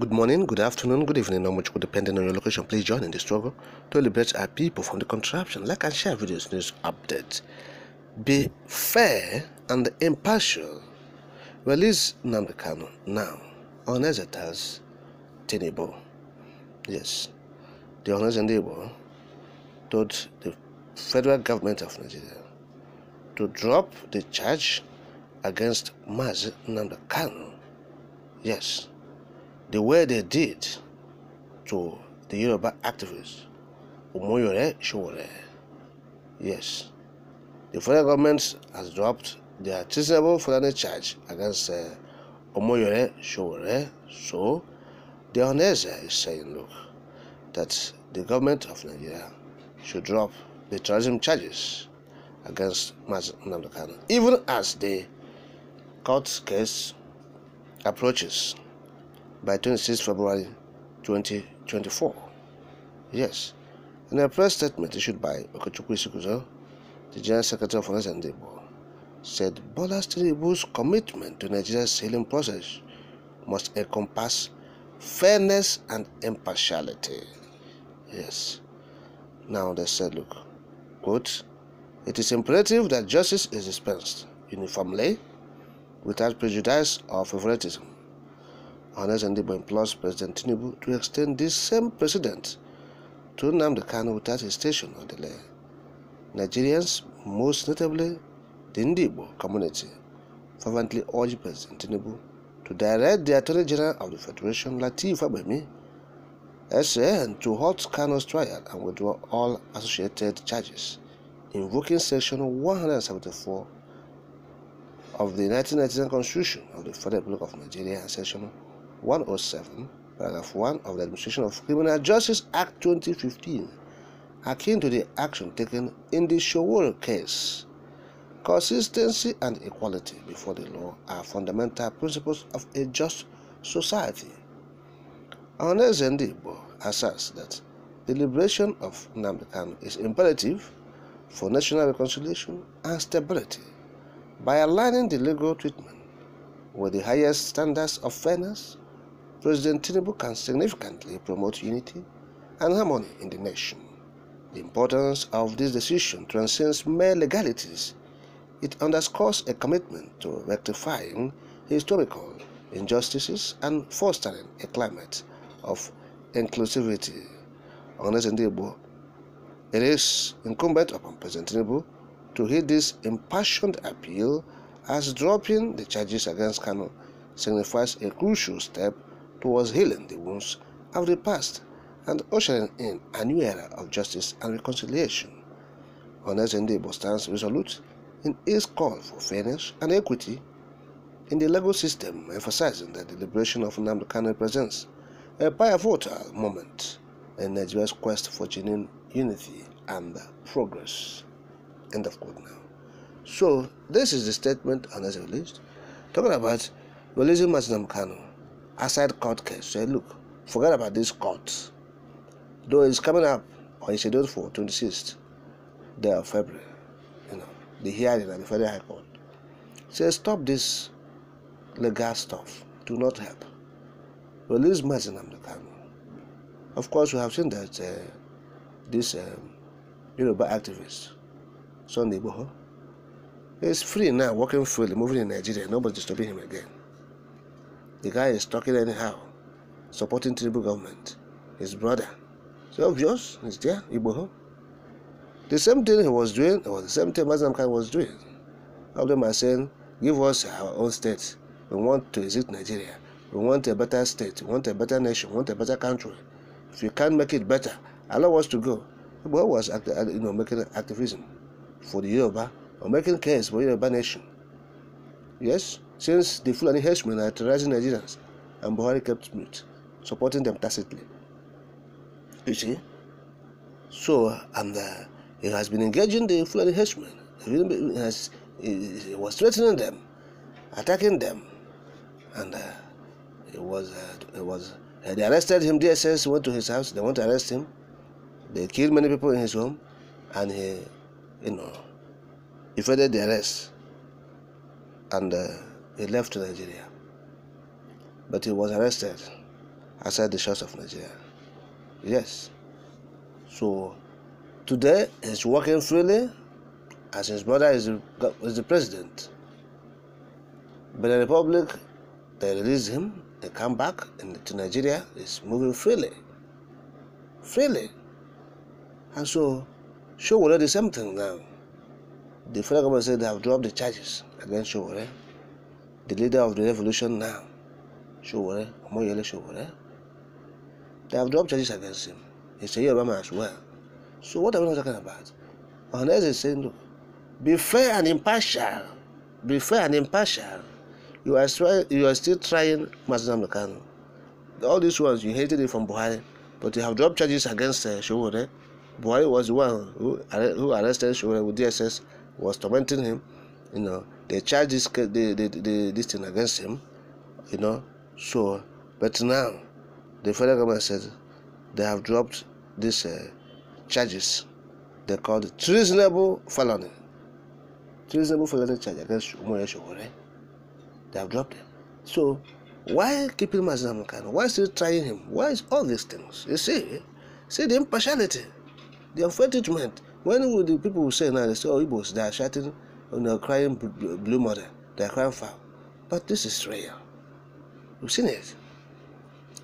Good morning, good afternoon, good evening, No much depending on your location. Please join in the struggle to liberate our people from the contraption. Like and share videos, news updates. Be fair and impartial. Release Nambekano now on Ezeta's Yes, the Honest told the federal government of Nigeria to drop the charge against Maz Nambekano. Yes the way they did to the Yoruba activist, Omoyore Showore. Yes, the federal government has dropped the treasonable felony charge against uh, Omoyore Showore, so the Oneza is saying, look, that the government of Nigeria should drop the treason charges against Mazin even as the court case approaches by 26 February 2024. Yes. In a press statement issued by Okachukwu Sikuzo, the General Secretary of Finance and said Bola Tinubu's commitment to Nigeria's healing process must encompass fairness and impartiality. Yes. Now they said, look, quote, it is imperative that justice is dispensed uniformly without prejudice or favoritism and Ndibo implores President Tinubu to extend this same precedent to the Kanu without hesitation the delay. Nigerians, most notably the Ndibo community, fervently urge President Tinubu to direct the Attorney General of the Federation, Latif Abemi, SAN, to halt Kanu's trial and withdraw all associated charges, invoking Section 174 of the 1999 Constitution of the Federal Republic of Nigeria and Section 107, paragraph 1 of the Administration of Criminal Justice Act 2015, akin to the action taken in the Showore case. Consistency and equality before the law are fundamental principles of a just society. Ernest Ndibo asserts that the liberation of Namdekan is imperative for national reconciliation and stability by aligning the legal treatment with the highest standards of fairness, President Tinubu can significantly promote unity and harmony in the nation. The importance of this decision transcends mere legalities. It underscores a commitment to rectifying historical injustices and fostering a climate of inclusivity. Honest Ndibo, it is incumbent upon President Tinubu to heed this impassioned appeal as dropping the charges against Kanu signifies a crucial step towards healing the wounds of the past and ushering in a new era of justice and reconciliation. Honest Ndebo stands resolute in its call for fairness and equity in the legal system, emphasizing that the liberation of Nnamdi Kanu represents a pivotal moment in Nigeria's quest for genuine unity and progress. End of quote now. So, this is the statement Honest released, talking about releasing Mazinam Kanu Aside court case say look, forget about this court. Though it's coming up or it's scheduled for 26th day of February, you know, the hearing at the Federal High Court. Say, stop this legal stuff. Do not help. Release Mazin Amdekano. Of course, we have seen that uh, this um, Yoruba activist, Sunday Boho, is free now, walking freely, moving in Nigeria. Nobody's stopping him again. The guy is talking anyhow, supporting tribal government. His brother. so obvious, is there, Iboho. The same thing he was doing, or the same thing Mazam Khan was doing. All of them are saying, give us our own state. We want to exit Nigeria. We want a better state. We want a better nation. We want a better country. If you can't make it better, allow us to go. Iboho was uh, you know, making activism for the Yoruba, or making case for Yoruba nation. Yes? Since the Fulani henchmen are terrorizing Nigerians, and Buhari kept mute, supporting them tacitly. You see? So, and uh, he has been engaging the Fulani henchmen, he has, he, he was threatening them, attacking them, and uh, it was, uh, was uh, they arrested him, DSS went to his house, they want to arrest him, they killed many people in his home, and he, you know, evaded the arrest. And uh, he left Nigeria, but he was arrested outside the shores of Nigeria. Yes. So today he's working freely as his brother is the, is the president. But the Republic, they release him, they come back into to Nigeria, he's moving freely. Freely. And so, Showore the same thing now. The federal government said they have dropped the charges against Showore the leader of the revolution now, Sowore, Omoyele Sowore. They have dropped charges against him. He's a Obama as well. So what are we talking about? Unless he's saying, look, be fair and impartial. Be fair and impartial. You are, you are still trying Mazen Amekano. All these ones, you hated it from Buhari, but you have dropped charges against uh, Sowore. Buhari was the one who, who arrested Sowore with DSS, was tormenting him you know they charge this the, the, the, this thing against him you know so but now the federal government said they have dropped these uh, charges they called it treasonable felony treasonable felony charge against Umure Shogore they have dropped it so why keep him as an American? Why still trying him? Why is all these things? You see, see the impartiality, the unfair treatment. When will the people say now, they say, oh, he was there shouting on the crying blue mother, crying father. But this is real. We've seen it.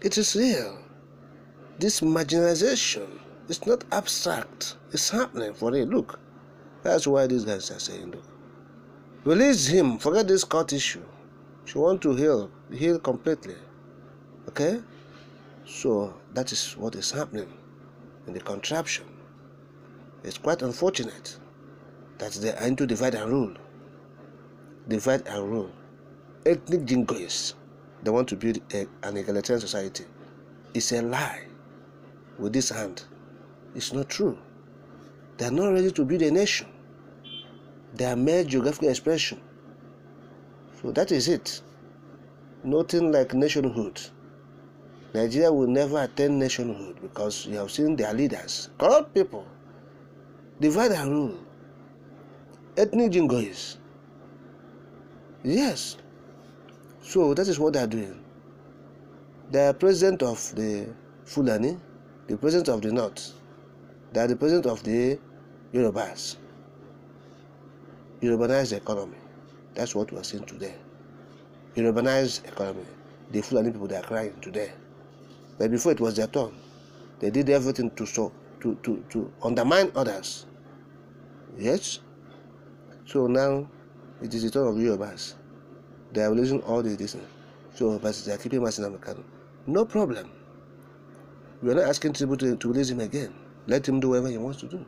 It is real. This marginalization is not abstract. It's happening for real. Look, that's why these guys are saying, look, release him. Forget this court issue. She want to heal, heal completely. Okay? So that is what is happening in the contraption. It's quite unfortunate that they are into divide and rule. Divide and rule. Ethnic jingoists, they want to build a, an egalitarian society. It's a lie with this hand. It's not true. They are not ready to build a nation. They are mere geographical expression. So that is it. Nothing like nationhood. Nigeria will never attain nationhood because you have seen their leaders, corrupt people, divide and rule ethnic jingoists. Yes. So that is what they are doing. They are president of the Fulani, the president of the North. They are the president of the Yorubas. urbanized economy. That's what we are seeing today. Urbanized economy. The Fulani people they are crying today. But before it was their turn. They did everything to so to, to, to undermine others. Yes? So now it is the turn of Yorubas. They are losing all these distance. So but they are keeping Masina Mercado. No problem. We are not asking Tinubu to, to release him again. Let him do whatever he wants to do.